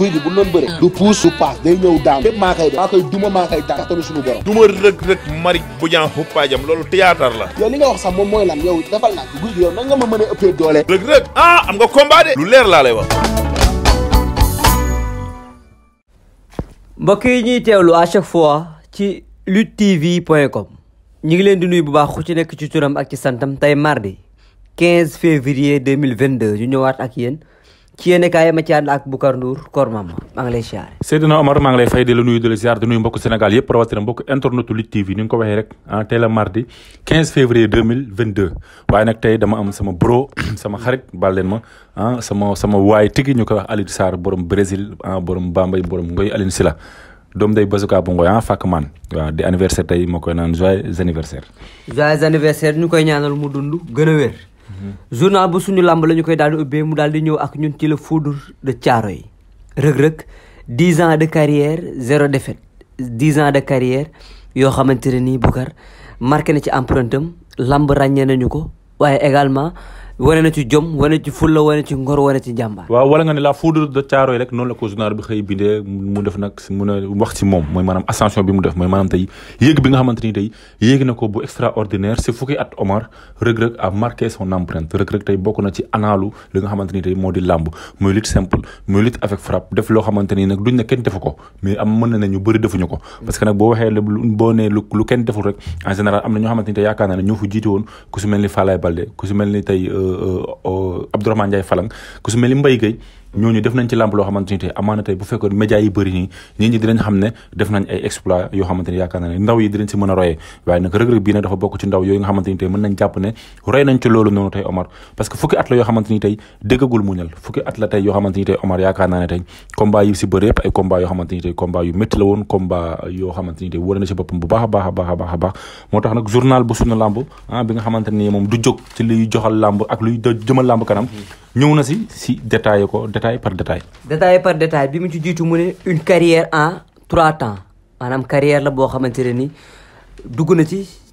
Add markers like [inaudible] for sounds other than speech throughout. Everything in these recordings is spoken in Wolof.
guy gi bu doon bëre ah. du puus su paas day ñëw daan lépp maa koy def maa koy duma maa koy daan kattanu suñu duma rëg rëg mari bu ñaa xuppaajam loolu théâtre la yow li nga wax sax moom mooy lan yow defal guy gi yow nan a ëppee doole rëg rëg ah, am nga combat de lu leer laa lay wax mbokk yi ñuy teewlu à chaque fois ci luttetv.com ñu ngi leen di nuy bu baax ku ci nekk ci turam ak ci santam tey mardi 15 février 2022 ñu ñëwaat ak yéen ci yéen kaay ma ci ànd ak Boucar Ndour maa ngi lay fay di la nuyu di la siyaare di nuyu mbokku Sénégal yëpp rawatina mbokku internetu Lutte TV ni ko waxee rek ah tey la mardi février waaye nag tey dama am sama bro [clears throat] sama xarit baal ma ah, sama waay tigi ñu ko wax Alioune borom Brésil ah, borom Bambey borom Ngoy Alioune Sylla doom day basuka ngoy ah fàkk man anniversaire tey moo koy naan joyeux anniversaire. joyeux anniversaire ñu koy ñaanal mu dund gën journal bu suñu làmb la ñu koy daal di ubbee mu daal di ñëw ak ñun ci la foudre de caaro yi rëg-rëg dix ans de carrière zéro défaite dix ans de carrière yoo xamante ne nii Boucar marqué na ci empreinte am làmb ràññee nañu ko waaye également wane na ci jom wane ci fulla ngor wane ci jàmbaar. waaw wala nga ne la foudre de Thiaroye rek noonu la ko journal bi xëy bindee mu def nag mun a wax ci moom mooy maanaam ascension bi mu def mooy maanaam tey yéeg bi nga xamante yéeg na ko bu extraordinaire si fukki at Omar rëg-rëg a marqué son empreinte bokk na ci analu li nga xamante ni moo di làmb muy lutte simple muy lutte avec frappe def loo xamante ni nag duñ ne kenn defu ko mais am mën na ne ñu bëri defuñu ko parce que nag boo waxee boo lu kenn deful rek en général am na ñoo xamante ne ñoo fu jiite woon ku si mel ni Falaye Balde tey euh, Euh, euh, Abdourahmane Ndiaye Falang ku su mel ni Mbaye Gueye ñooñu def nañ ci làmb loo xamante amaana tey bu fekkoon média yi bëri nii nit ñi dinañ xam ne def nañ ay exploit yoo xamante a royee waaye nag rëg a baax a baax a baax a baax ah, moom du jóg ci luy joxal làmb ak luy jëmal làmb kanam mm-hmm. ñëw na si si détaillé ko détail par détail. détail par détail bi mu ci jiitu mu ne une carrière en trois temps maanaam carrière la boo xamante ne ni dugg na ci.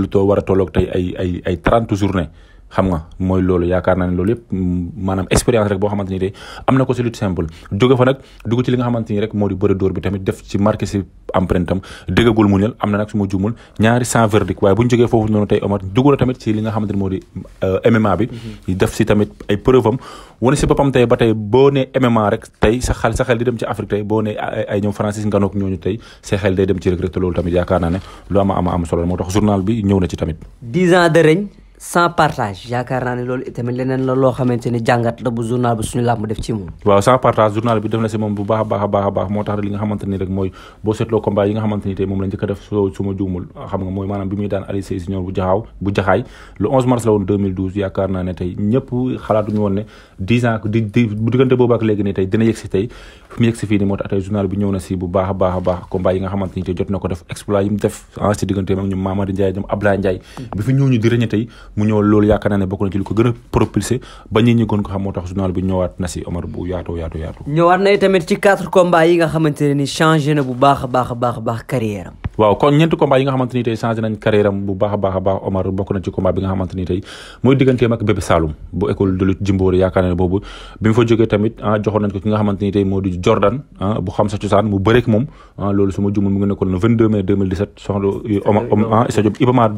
lu too war a tolloog tey ay ay ay trente journée xam nga mooy loolu yaakaar naa ne loolu yëpp maanaam expérience rek boo xamante ni am na ko si lutte simple jóge fa nag dugg ci li nga xamante ni rek moo di bëri dóor bi tamit def ci mu am na nag su ma jumul ñaari sans verdict waaye bu ñu jógee foofu noonu tey Omar dugg na tamit ci li nga xamante ni moo di euh, MMA mm-hmm. def si tamit ay preuve am wane si boppam tey ba tey boo ne MMA rek tey sax xel sa xel di dem ci Afrique tey boo ne ay ñoom Francis Nganook ñooñu tey sa xel de dem ci rek te loolu tamit yaakaar naa ne loo ama ama am solo moo tax journal bi ñëw na ci tamit sans partage yaakaar naa ne loolu itamit leneen la loo xamante ni jàngat la bu journal bi suñu làmb bi def na si moom bu baax a baax a baax a baax moo tax li nga xamante ni rek mooy boo seetloo combat yi nga xamante ni tey a def soo suma ne tey ñëpp xalaatuñu woon ne 10 ans di di bu diggante boobu ak ne tey dina yegg si tey a baax a baax ko def exploit yi def en ah, si diggante ak ñoom Mamadi mm. bi fi ñëw di rëñe tey mu ñëw loolu yaakaar naa a ba ñi ñi gën ko ñëwaat na tamit ci quatre combats bu baax a baax a baax a baax carrière am waaw ñeenti combat bu baax baax baax Omar bokk na ci combat bi nga école de lutte Jimbori boobu bi mu fa tamit ah, joxoon nañ ko ki nga xamante ni moo di Jordan ah, bu xam cosaan mu bëreek moom ah loolu su mu ngi nekkoon le 22 mai 2017 soxna euh, Omar Omar ah Iba Mar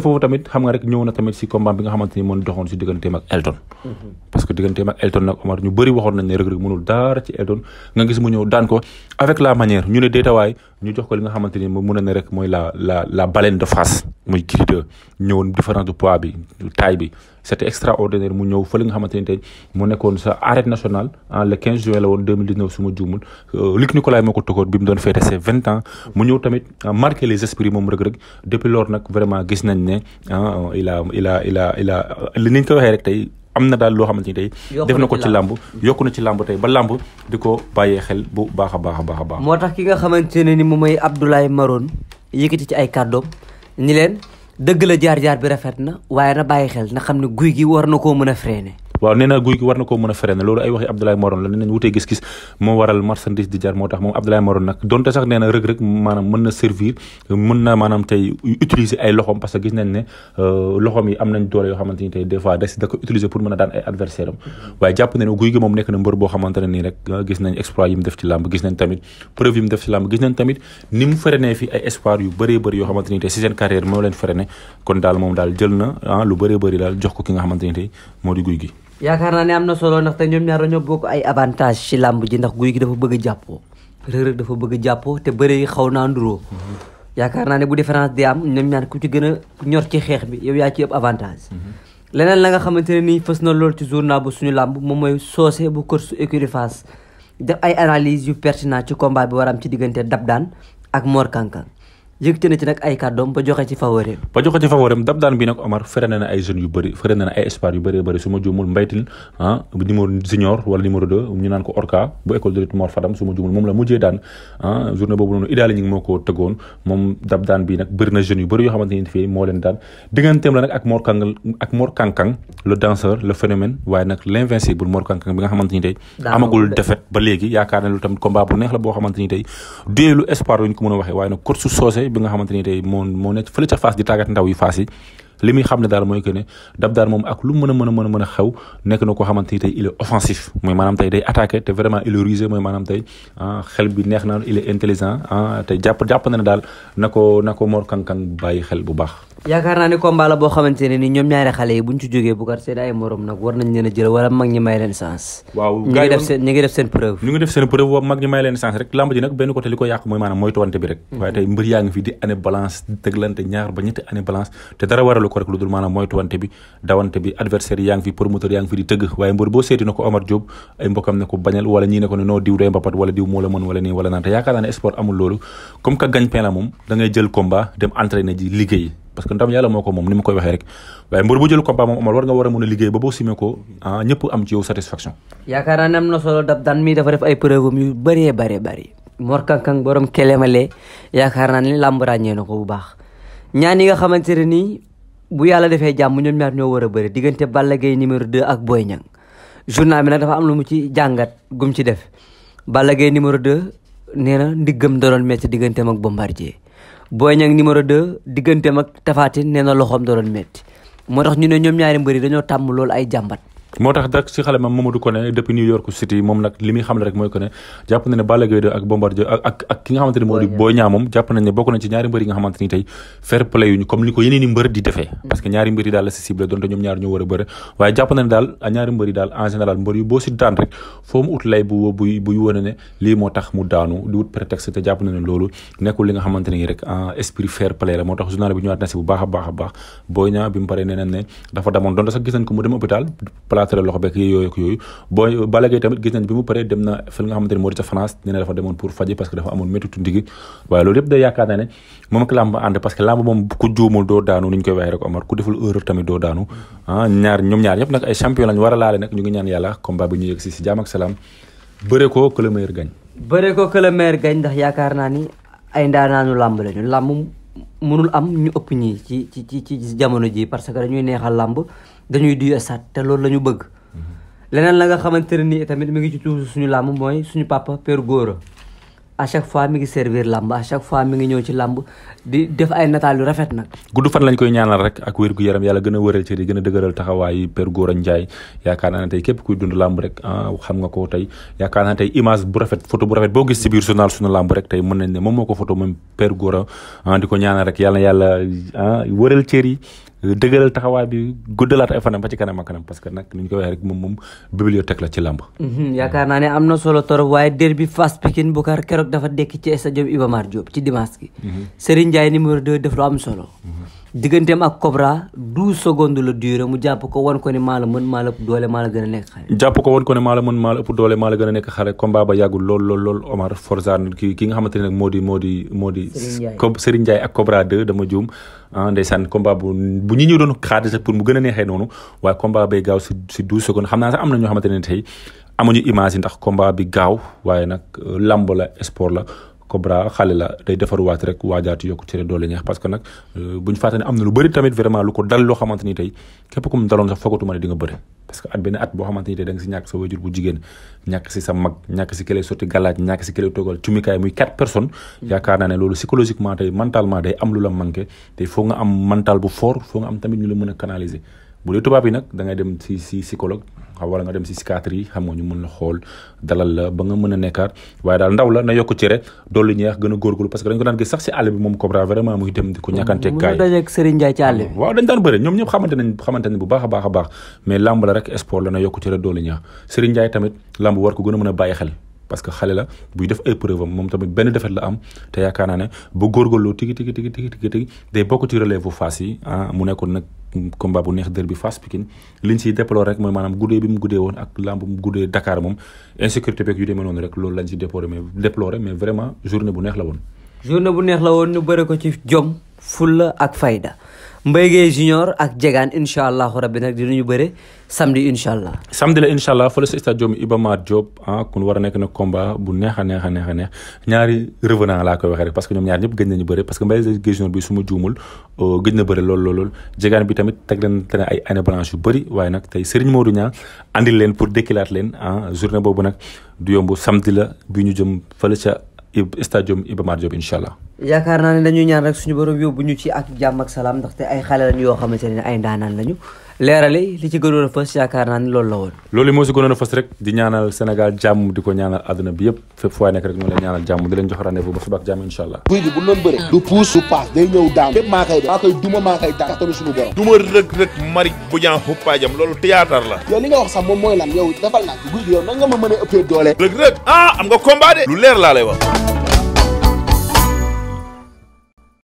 foofu tamit xam nga rek ñëw na tamit si combat bi nga xamante ni moom doxoon si digganteem ak Elton. Mhm. parce que digganteem ak Elton nag Omar ñu bëri waxoon nañ ne Reug Reug mënul dara ci Elton nga gis mu daan ko avec la manière ñu ne déetawaay ñu jox ko li nga xamante ni moom mën na rek mooy la la la baleine de face muy Gris 2 différence de poids bi taille bi c'était extraordinaire mu ñëw fa li nga xamante ni tey mu nekkoon sa arène nationale en ah, le 15 juin la woon 2019 su ma juumul euh, Luc Nicolaï moo ko tokkoon bi mu doon fêté ses vingt ans mu ñëw tamit ah, marqué les esprits moom Reug Reug depuis nag vraiment gis nañ ne ah, il a il a il a euh, ñu ko waxee rek tey am na daal loo xamante ni tey def na ko ci làmb yokku na ci làmb tey ba làmb di ko bàyyee xel bu baax a baax a baax a baax moo tax ki nga xamante ne ni moom mooy Abdoulaye Marone yëkkati ci ay kàddoom ñi leen dëgg la jaar-jaar bi rafet na waaye na bàyyi xel na xam ne guy gi war na koo mën a freiné waaw nee na guy gi war na koo mën a freiné loolu ay waxi Abdoulaye Morone la nee nañ wutee gis-gis moo waral marchandise di jar moom na maanaam mën na servir mën na maanaam tey utiliser ay loxom parce que gis nañ euh, yoo xamante ni tey des fois des da ko utiliser pour mën a daan ay adversaire am waaye jàpp na nii rek ah, gis nañ exploit yi tamit preuve yi mu def fi ay espoir yu bëree bëri yoo xamante ni tey si seen carrière moo leen freiné kon daal moom daal jël na ah lu bëree bëri daal jox ko ki nga xamante ni tey moo di guy gi yaakaar naa ne am na solo ndax te ñoom ñaar dañoo bokk ay avantage ci làmb ji ndax guy gi dafa bëgg jàppoo rëg dafa bëgg a jàppoo te bëre yi xaw naa nduroo mhm. yaakaar naa ne bu différence di am ñoom ñaar ku ci gën ñor ci xeex bi yow yaa ci ëpp avantage mhm. leneen la nga xamante ne nii fës na lool ci naa bu suñu làmb moom mooy soose bu kër su écurie Fass def ay analyse yu pertinent ci combat bi war am ci diggante Dab Daan ak moor Kankang yëkkati na ci nag ba joxe ci favorim ba joxe ci favorim dab daan bi nag Omar fere na ay jeunes yu bëri fere na ay espoir yu bëree bëri su ma juumul mbaytil ah numéro junior wala numéro 2 naan ko orca bu école de lutte Fadam su ma juumul moom la mujjee daan ah journée boobu noonu idaali ñi ngi moo ko tëggoon moom dab daan bi nag bëri na jeunes yu bëri yoo xamante ni fii moo leen daan digganteem la nag ak Mor Kang ak Mor danseur le phénomène waaye nag bi nga xamante ni tey moo moo nekk fële di tàggat ndaw yu li muy xam ne daal moom ak lu mën a mën a mën a mën a xew nekk na koo xamante tey il offensif mooy maanaam tey day attaqué te vraiment il est mooy maanaam la boo mooy maanaam bi rek mm-hmm. waaye tey mbër yaa di année balance dëglante ñaar ba ñetti année balance te dara waral wàllu ko rek lu dul maanaam moytuwante bi dawante bi adversaire yaa fi promoteur yaa fi di tëgg waaye mbër boo seeti na ko Omar Diop ay mbokam ne ko bañal wala ñii ko ne noo diw day mbapat wala diw moo mën wala nii wala naan yaakaar naa ne amul loolu comme que gagne-pain moom da jël combat dem entraîner ji liggéey parce que ndam a a ah, yaakaar naa am na solo dab daan mii dafa def ay preuve yu bëree bëree bëri Mor Kankang borom kelemale yaakaar naa bu yàlla defee jàmm ñoom ñaar ñoo war a bëri diggante Balla Gaye numéro 2 ak booy ñan journal mi nag dafa am lu mu ci jàngat gum ci def Balla Gaye numéro 2 nee na ndiggam da doon diggante digganteem ak Bombardier Boy Niang numéro 2 diggante ak Tapha Tine na loxoom da doon métti moo tax ñu ne ñoom ñaari mbëri dañoo tàmm loolu ay jàmbat moo tax dak si xale ma Mamadou Koné depuis New York City moom nag li muy xamle rek mooy que ne jàpp na ne Balla Gaye ak Bombardier ak ak ki nga xamante mm-hmm. a bëre waaye moo tax mu daanu di wut prétexte te bi ñëwaat na si bu baax a baax a baax Boy Niang bi mu paree nee ne dafa damoon donte sax gis ko mu dem hôpital tàllal loxo beeg yooyu boo Balla Gaye tamit gis nañ bi mu paree dem na fël nga xamante ne moo di ca France nee na demoon pour faji parce que dafa amoon méttitu ndigi waaye loolu yëpp day yaakaar naa ne moom ah, ñaar yëpp nag ay champion lañ war a nag ñu ngi ñaan yaakaar naa ni ay ndaanaanu làmb lañu làmb mënul am ñu ëpp ñii ci ci ci jamono ji parce que dañuy neexal làmb dañuy duy sat te loolu la ñu bëgg. leneen la nga xamante ne nii tamit mu ngi ci tuuti suñu làmb mooy suñu papa Père Gora à chaque fois mi ngi servir làmb à chaque fois mi ngi ñëw ci làmb di def ay nataal yu rafet nag. gudd fan lañ koy ñaanal rek ak wér yaram yàlla gën a wëral ci di gën a dëgëral taxawaayu Père Gora Ndiaye yaakaar naa ne tey képp kuy dund làmb rek ah, xam nga ko tey yaakaar naa image bu rafet photo bu rafet boo gis ci biir journal suñu làmb rek tey mën nañ ne moom moo ko photo moom Père Gora ah, ko ñaanal rek yàlla na yàlla ah, wëral cër yi dëgëral taxawaay bi guddalaat ay fanam ba ci kanam parce que nag ni ko waxee rek moom moom ci làmb mhm, yaakaar naa ne am na solo torop waaye derby Fass Pikine Boucar keroog dafa dekk ci stade Iba Mar Diop ci dimanche gi mhm. Serigne Ndiaye numéro 2 def lu am solo mhm. digganteem ak Cobra douze secondes la durée mu jàpp ko wan ko ne maa la mën maa ëpp doole maa la gën a nekk xale. jàpp ko wan ko ne maa la mën maa la ëpp doole maa la gën a lool lool lool Omar Forza ki ki nga xamante ne nag moo di moo di moo di. Serigne Ndiaye ak Cobra dama juum. ah ndeysaan combat bu bu ñu doon xaar sax mu gën neexee noonu waaye combat bay gaaw si si douze secondes xam naa sax am na ñoo xamante ne tey amuñu image ndax combat bi gaaw waaye nag euh, lamb la sport la. Cobra xale la day defaruwaat rek waajaatu yokku cere doole ñeex parce que nag euh, bu ñu fàttali am na lu bëri tamit vraiment lu ko dal loo xamante ni tey képp ku mu daloon sax foogatuma ne di nga bëri parce que at benn at boo xamante ni tey da nga si ñàkk sa wajur bu jigéen ñàkk si sa mag ñàkk si kële sotti galaaj ñàkk si kële toogal cumikaay muy quatre personnes yaakaar naa ne loolu psychologiquement tey mentalement day am lu la manqué tey foo nga am mental bu fort tamit ñu a canaliser bu dee yi nag da ngay dem si si psychologue xam wala nga dem si cicatrice yi xam nga ñu mën la xool dalal la ba nga mën a nekkaat waaye daal ndaw la na yokk cere ñeex gën a góorgóorlu parce que a a baax mais lamb rek sport la na a mën a bàyyi xel parce que xale la buy moom tamit benn defet la am te yaakaar naa ne bu góorgóorloo tigi tigi tigi tigi tigi day bokk ci relève faas yi ah mu nekkoon combat bu neex dër bi Fass Pikine liñ siy déploré rek mooy maanaam guddee bi mu guddee woon ak lamb bu mu guddee Dakar moom insécurité beeg yu demee noonu rek loolu lañ si déploré mais déploré mais vraiment journée bu neex la woon. journée bu neex la woon ñu bëre ko ci jom fulla ak fayda. Mbaye Guèye Junior ak Diegane incha allahu rabbi nag dinañu bëre samedi incha allah. samedi la incha allah fële sa stadium Iba Mar Diop ah kun war a nekk nag combat bu neex a neex a neex a neex ñaari revenant laa koy waxee rek parce que ñoom ñaar ñëpp gëj nañu bëre parce que Mbaye Guèye Junior bi oh, bëre lool lool lool Diegane bi tamit teg leen te ne ay année yu bëri waaye nag tey Serigne Modou Niang andil leen pour dékkilaat leen ah journée boobu nag du yomb samedi la bi ñu jëm fële ca. stadium Iba Mar Diop incha allah. yaakaar naa ne dañuy ñaan rek suñu borom yóbbu ñu ci ak jàmm ak salaam ndaxte ay xale lañu yoo xamante ne ay ndaanaan lañu. leerali li ci gënoon a fës yaakaar naa ni loolu la woon. loolu moo si gënoon a fës rek di ñaanal Sénégal jàmm di ko ñaanal àdduna bi yëpp fépp fu waay nekk rek ñu leen ñaanal jàmm di leen jox rendez ba suba jàmm incha guy gi bu ñu doon bëre. puus du day ñëw daam. fépp maa koy def duma maa daan kattanu suñu borom. duma rëg rëg mari bu ñaan xuppaajam loolu théâtre la. yow li nga wax sax moom mooy lan yow defal naa guy gi yow nan nga mën a ah, leer laa lay wax